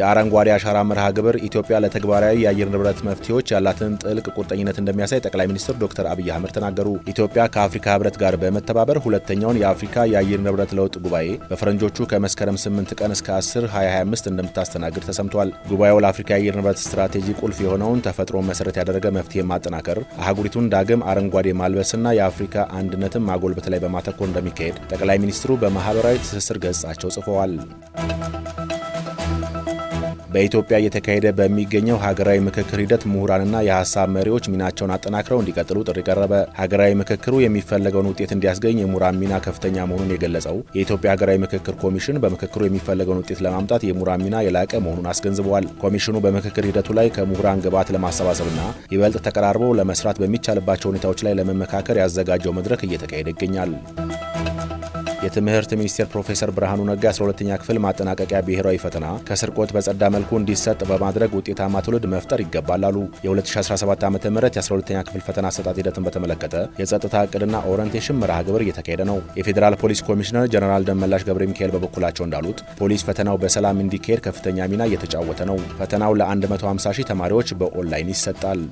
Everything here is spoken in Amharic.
የአረንጓዴ አሻራ መርሃ ግብር ኢትዮጵያ ለተግባራዊ የአየር ንብረት መፍትሄዎች ያላትን ጥልቅ ቁርጠኝነት እንደሚያሳይ ጠቅላይ ሚኒስትር ዶክተር አብይ አህመድ ተናገሩ። ኢትዮጵያ ከአፍሪካ ህብረት ጋር በመተባበር ሁለተኛውን የአፍሪካ የአየር ንብረት ለውጥ ጉባኤ በፈረንጆቹ ከመስከረም 8 ቀን እስከ 10 2025 እንደምታስተናግድ ተሰምቷል። ጉባኤው ለአፍሪካ የአየር ንብረት ስትራቴጂ ቁልፍ የሆነውን ተፈጥሮ መሰረት ያደረገ መፍትሄ ማጠናከር፣ አህጉሪቱን ዳግም አረንጓዴ ማልበስና የአፍሪካ አንድነትን ማጎልበት ላይ በማተኮር እንደሚካሄድ ጠቅላይ ሚኒስትሩ በማህበራዊ ትስስር ገጻቸው ጽፈዋል። በኢትዮጵያ እየተካሄደ በሚገኘው ሀገራዊ ምክክር ሂደት ምሁራንና የሀሳብ መሪዎች ሚናቸውን አጠናክረው እንዲቀጥሉ ጥሪ ቀረበ። ሀገራዊ ምክክሩ የሚፈለገውን ውጤት እንዲያስገኝ የምሁራን ሚና ከፍተኛ መሆኑን የገለጸው የኢትዮጵያ ሀገራዊ ምክክር ኮሚሽን በምክክሩ የሚፈለገውን ውጤት ለማምጣት የምሁራን ሚና የላቀ መሆኑን አስገንዝበዋል። ኮሚሽኑ በምክክር ሂደቱ ላይ ከምሁራን ግብዓት ለማሰባሰብና ይበልጥ ተቀራርበው ለመስራት በሚቻልባቸው ሁኔታዎች ላይ ለመመካከር ያዘጋጀው መድረክ እየተካሄደ ይገኛል። የትምህርት ሚኒስቴር ፕሮፌሰር ብርሃኑ ነጋ 12ኛ ክፍል ማጠናቀቂያ ብሔራዊ ፈተና ከስርቆት በጸዳ መልኩ እንዲሰጥ በማድረግ ውጤታማ ትውልድ መፍጠር ይገባል አሉ። የ2017 ዓ ም የ12ኛ ክፍል ፈተና አሰጣጥ ሂደትን በተመለከተ የጸጥታ እቅድና ኦሪንቴሽን መርሃ ግብር እየተካሄደ ነው። የፌዴራል ፖሊስ ኮሚሽነር ጀነራል ደመላሽ ገብረ ሚካኤል በበኩላቸው እንዳሉት ፖሊስ ፈተናው በሰላም እንዲካሄድ ከፍተኛ ሚና እየተጫወተ ነው። ፈተናው ለ150 ሺህ ተማሪዎች በኦንላይን ይሰጣል።